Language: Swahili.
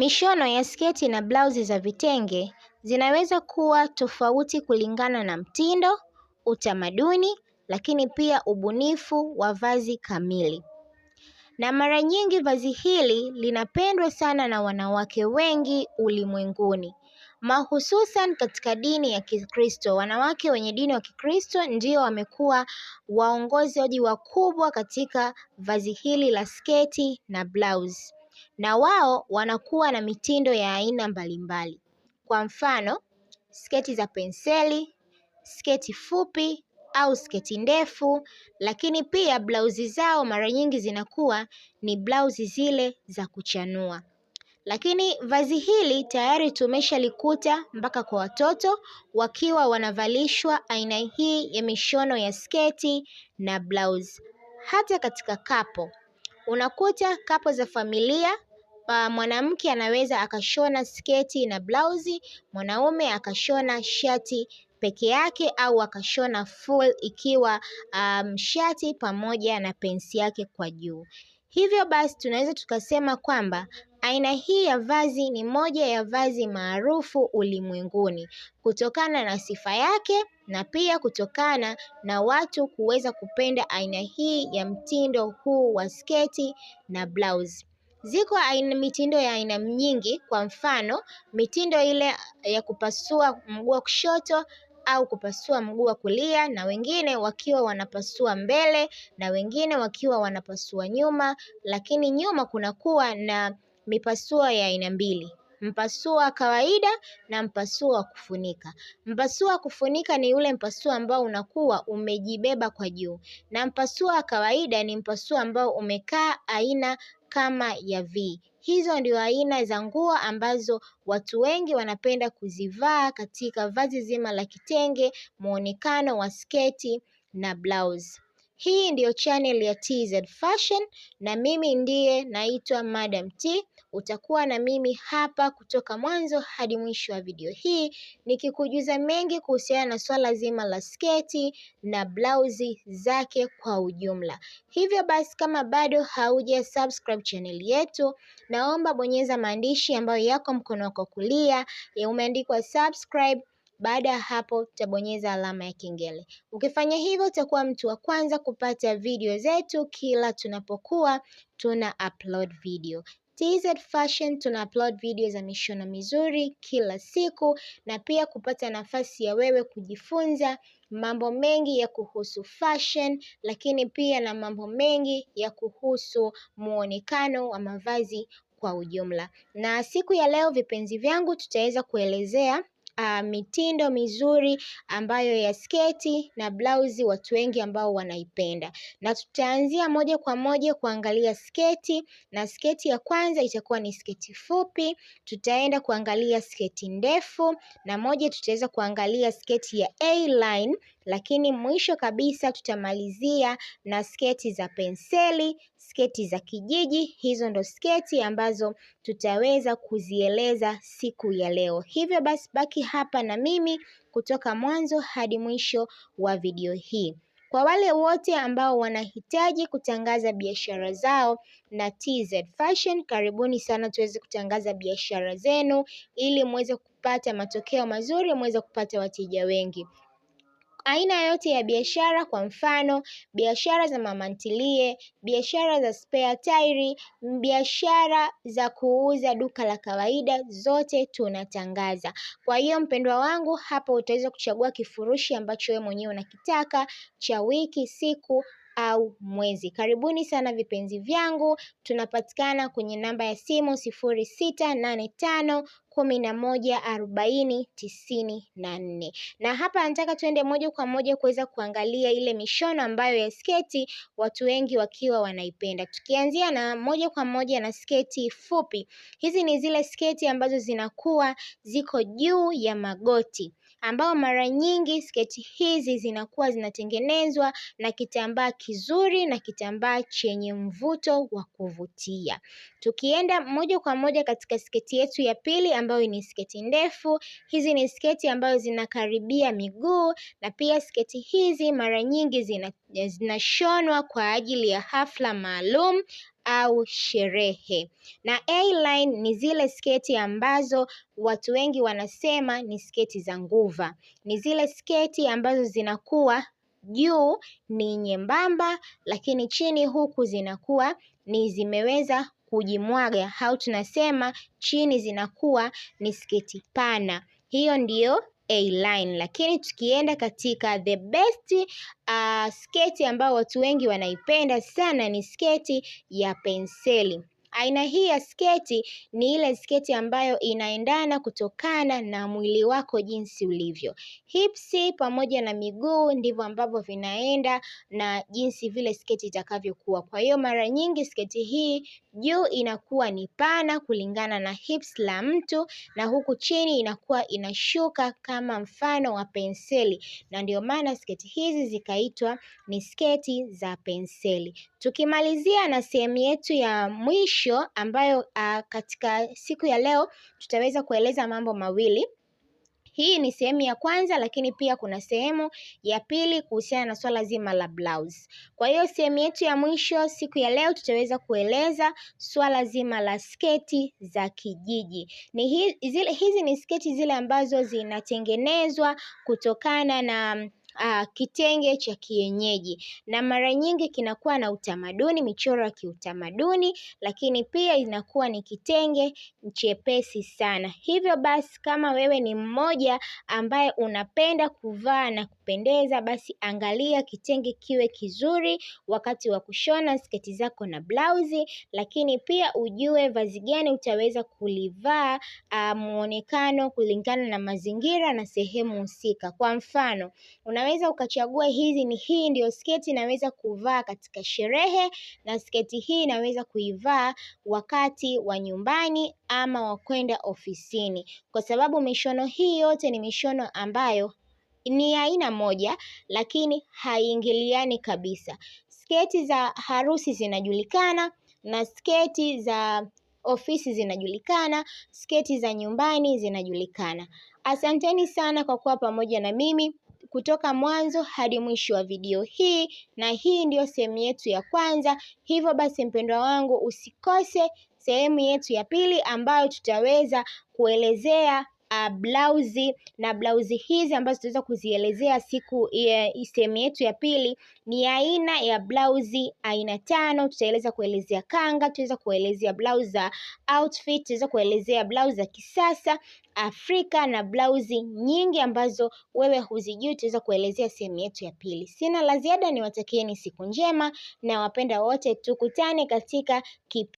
Mishono ya sketi na blauzi za vitenge zinaweza kuwa tofauti kulingana na mtindo, utamaduni, lakini pia ubunifu wa vazi kamili. Na mara nyingi vazi hili linapendwa sana na wanawake wengi ulimwenguni. Mahususan katika dini ya Kikristo, wanawake wenye dini ya Kikristo ndio wamekuwa waongozaji wakubwa katika vazi hili la sketi na blauzi na wao wanakuwa na mitindo ya aina mbalimbali. Kwa mfano, sketi za penseli, sketi fupi au sketi ndefu, lakini pia blauzi zao mara nyingi zinakuwa ni blauzi zile za kuchanua. Lakini vazi hili tayari tumeshalikuta mpaka kwa watoto wakiwa wanavalishwa aina hii ya mishono ya sketi na blauzi. Hata katika kapo unakuta kapo za familia Uh, mwanamke anaweza akashona sketi na blauzi, mwanaume akashona shati peke yake au akashona full ikiwa um, shati pamoja na pensi yake kwa juu. Hivyo basi tunaweza tukasema kwamba aina hii ya vazi ni moja ya vazi maarufu ulimwenguni kutokana na sifa yake na pia kutokana na watu kuweza kupenda aina hii ya mtindo huu wa sketi na blouse. Ziko aina, mitindo ya aina nyingi, kwa mfano mitindo ile ya kupasua mguu wa kushoto au kupasua mguu wa kulia, na wengine wakiwa wanapasua mbele na wengine wakiwa wanapasua nyuma, lakini nyuma kunakuwa na mipasuo ya aina mbili: mpasuo wa kawaida na mpasuo wa kufunika. Mpasuo wa kufunika ni ule mpasuo ambao unakuwa umejibeba kwa juu, na mpasuo wa kawaida ni mpasuo ambao umekaa aina kama ya V. Hizo ndio aina za nguo ambazo watu wengi wanapenda kuzivaa katika vazi zima la kitenge, muonekano wa sketi na blauzi. Hii ndiyo channel ya TZ Fashion na mimi ndiye naitwa Madam T. Utakuwa na mimi hapa kutoka mwanzo hadi mwisho wa video hii nikikujuza mengi kuhusiana na swala zima la sketi na blauzi zake kwa ujumla. Hivyo basi, kama bado hauja subscribe channel yetu, naomba bonyeza maandishi ambayo yako mkono wako kulia, umeandikwa subscribe baada ya hapo utabonyeza alama ya kengele. Ukifanya hivyo utakuwa mtu wa kwanza kupata video zetu kila tunapokuwa tuna upload video. TZ Fashion tuna upload video za mishono mizuri kila siku na pia kupata nafasi ya wewe kujifunza mambo mengi ya kuhusu fashion, lakini pia na mambo mengi ya kuhusu muonekano wa mavazi kwa ujumla. Na siku ya leo, vipenzi vyangu, tutaweza kuelezea uh, mitindo mizuri ambayo ya sketi na blauzi watu wengi ambao wanaipenda, na tutaanzia moja kwa moja kuangalia sketi, na sketi ya kwanza itakuwa ni sketi fupi, tutaenda kuangalia sketi ndefu, na moja tutaweza kuangalia sketi ya A-line, lakini mwisho kabisa tutamalizia na sketi za penseli sketi za kijiji. Hizo ndo sketi ambazo tutaweza kuzieleza siku ya leo. Hivyo basi, baki hapa na mimi kutoka mwanzo hadi mwisho wa video hii. Kwa wale wote ambao wanahitaji kutangaza biashara zao na TZ Fashion, karibuni sana tuweze kutangaza biashara zenu ili muweze kupata matokeo mazuri, muweze kupata wateja wengi. Aina yote ya biashara kwa mfano biashara za mama ntilie, biashara za spare tairi, biashara za kuuza duka la kawaida zote tunatangaza. Kwa hiyo mpendwa wangu, hapo utaweza kuchagua kifurushi ambacho wewe mwenyewe unakitaka cha wiki, siku au mwezi. Karibuni sana vipenzi vyangu, tunapatikana kwenye namba ya simu sifuri sita nane tano kumi na moja arobaini tisini na nne. Na hapa nataka tuende moja kwa moja kuweza kuangalia ile mishono ambayo ya sketi watu wengi wakiwa wanaipenda, tukianzia na moja kwa moja na sketi fupi. Hizi ni zile sketi ambazo zinakuwa ziko juu ya magoti ambao mara nyingi sketi hizi zinakuwa zinatengenezwa na kitambaa kizuri na kitambaa chenye mvuto wa kuvutia. Tukienda moja kwa moja katika sketi yetu ya pili ambayo ni sketi ndefu. Hizi ni sketi ambazo zinakaribia miguu na pia sketi hizi mara nyingi zina zinashonwa kwa ajili ya hafla maalum au sherehe. Na A-line ni zile sketi ambazo watu wengi wanasema ni sketi za nguva. Ni zile sketi ambazo zinakuwa juu ni nyembamba, lakini chini huku zinakuwa ni zimeweza hujimwaga au tunasema chini zinakuwa ni sketi pana. Hiyo ndiyo A-line. Lakini tukienda katika the best uh, sketi ambayo watu wengi wanaipenda sana ni sketi ya penseli. Aina hii ya sketi ni ile sketi ambayo inaendana kutokana na mwili wako jinsi ulivyo. Hipsi pamoja na miguu ndivyo ambavyo vinaenda na jinsi vile sketi itakavyokuwa. Kwa hiyo mara nyingi sketi hii juu inakuwa ni pana kulingana na hips la mtu na huku chini inakuwa inashuka kama mfano wa penseli, na ndio maana sketi hizi zikaitwa ni sketi za penseli. Tukimalizia na sehemu yetu ya mwisho show ambayo uh, katika siku ya leo tutaweza kueleza mambo mawili. Hii ni sehemu ya kwanza, lakini pia kuna sehemu ya pili kuhusiana na swala zima la blouse. Kwa hiyo sehemu yetu ya mwisho siku ya leo tutaweza kueleza swala zima la sketi za kijiji. Ni hizi, hizi ni sketi zile ambazo zinatengenezwa kutokana na uh, kitenge cha kienyeji, na mara nyingi kinakuwa na utamaduni, michoro ya kiutamaduni, lakini pia inakuwa ni kitenge chepesi sana. Hivyo basi, kama wewe ni mmoja ambaye unapenda kuvaa na kupendeza, basi angalia kitenge kiwe kizuri wakati wa kushona sketi zako na blauzi, lakini pia ujue vazi gani utaweza kulivaa uh, muonekano kulingana na mazingira na sehemu husika. Kwa mfano una Unaweza ukachagua hizi ni hii ndio sketi inaweza kuvaa katika sherehe na sketi hii inaweza kuivaa wakati wa nyumbani ama wa kwenda ofisini kwa sababu mishono hii yote ni mishono ambayo ni aina moja lakini haiingiliani kabisa. Sketi za harusi zinajulikana na sketi za ofisi zinajulikana, sketi za nyumbani zinajulikana. Asanteni sana kwa kuwa pamoja na mimi kutoka mwanzo hadi mwisho wa video hii, na hii ndiyo sehemu yetu ya kwanza. Hivyo basi, mpendwa wangu, usikose sehemu yetu ya pili ambayo tutaweza kuelezea uh, blauzi na blauzi hizi ambazo tutaweza kuzielezea siku ya sehemu yetu ya pili ni aina ya blauzi aina tano. Tutaweza kuelezea kanga, tutaweza kuelezea blauzi za outfit, tutaweza kuelezea blauzi za kisasa Afrika na blauzi nyingi ambazo wewe huzijui, tutaweza kuelezea sehemu yetu ya pili. Sina la ziada, niwatakieni siku njema na wapenda wote, tukutane katika kip